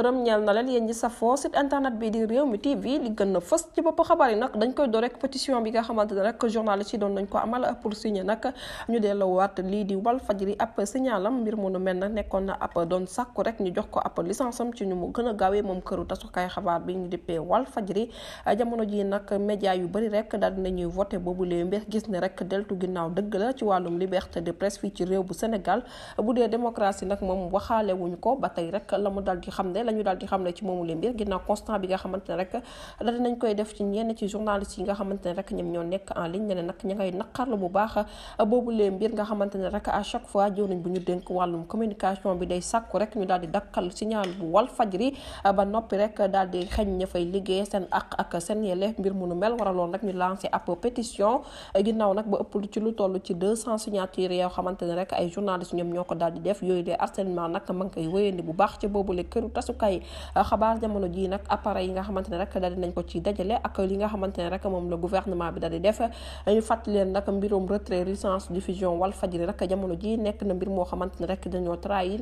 gërëm ñeel na leen yéen ñi di réew mi tv li gën yi nag dañ koy door rek bi nga xamante ne rek doon nañ ko amal pour signer nag ñu delloowaat lii di wal fajri ab signalam mbir mu nu mel nekkoon na ab doon sàkku rek ñu jox ko ab licence am ci ñu mu gën a gaawee moom këru tasukaay xabaar bi ñu dippee wal fajri jamono ji nag média yu bëri rek daal dinañuy voté boobu lee mbir gis ne rek deltu ginnaaw dëgg la ci wàllum liberté de presse fii ci réew bu Sénégal bu dee démocratie nag moom waxaale wuñ ko ba tey rek la mu dal di xam ne la ñu daal di xam ne ci moomu leen mbir ginnaaw constat bi nga xamante ne rek daal dinañ koy def ci ñoom ñoo nekk en ligne ne ne nag ña ngay naqarlu bu baax boobu leen fois jiw nañ bu ñu dénk wàllum communication bi day sàkku rek ñu daal di dakkal signal bu wal fajri ba noppi rek daal di ña fay liggéey seen ak ak seen yelleef mbir mu nu mel waraloon rek ñu lancé ab pétition ginnaaw nag ba ëpp ci lu toll ci 200 signatures yoo xamante ne rek ay journalistes ñoom ñoo ko daal di def yooyu dee harcèlement nag ma ngi koy wéyandi bu baax ci boobu le këru tasu jumtukay euh, xabaar jamono ji nag appareil yi nga xamante ne rek daldi nañ ko ci dajale ak li nga xamante ne rek moom la gouvernement bi daldi def ñu fàttali leen mbir moo xamante rek dañoo trahir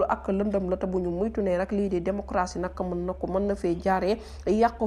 la te bu ñu muytu ne rek lii di démocratie nag mën na ko mën na fee jaaree yàqu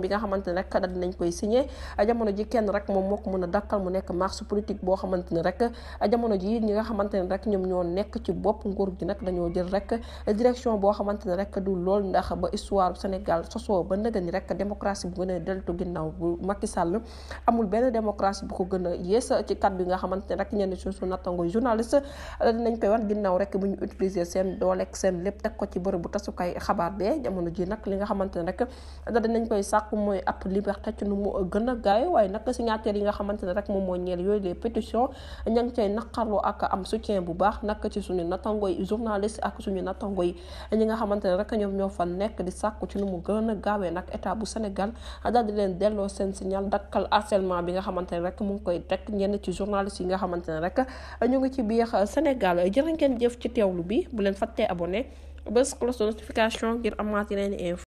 bi nga xamante ne rek dal koy signé jamono ji kenn rek moom moo ko mën a dakkal mu nekk marche politique boo xamante ne rek jamono ji ñi nga xamante ne rek ñoom ñoo nekk ci bopp nguur gi nag dañoo jël rek direction boo xamante ne rek du lool ndax ba histoire Sénégal sosoo ba nëga ni rek bu gën a deltu ginnaaw bu Macky Sall amul a yées ci kàddu yi nga xamante ne rek ñenn suñu nattango journaliste dinañ koy wan ginnaaw bu ñu seen dooleeg seen lépp teg ko ci bërëb bu tasukaay xabaar bee jamono ji nag li nga xamante ne rek danañ koy sàkku mooy ab liberté ci nu mu gën a gaaw waaye nag signataires yi nga xamante ne rek moom moo ñeel yooyu les pétitions ña ngi cay naqarlu ak am soutien bu baax nag ci suñu nattangoy journaliste ak suñu nattangoy ñi nga xamante ne rek ñoom ñoo fa nekk di sàkku ci nu mu a gaawee nag bi nga xamante ne rek mu ngi koy teg ñenn ci journaliste yi nga xamante ne rek ñu ngi ci biir Sénégal jërë ngeen jëf ci teewlu bi bu leen fàttee abonné bés cloche de notification ngir amaat yeneen info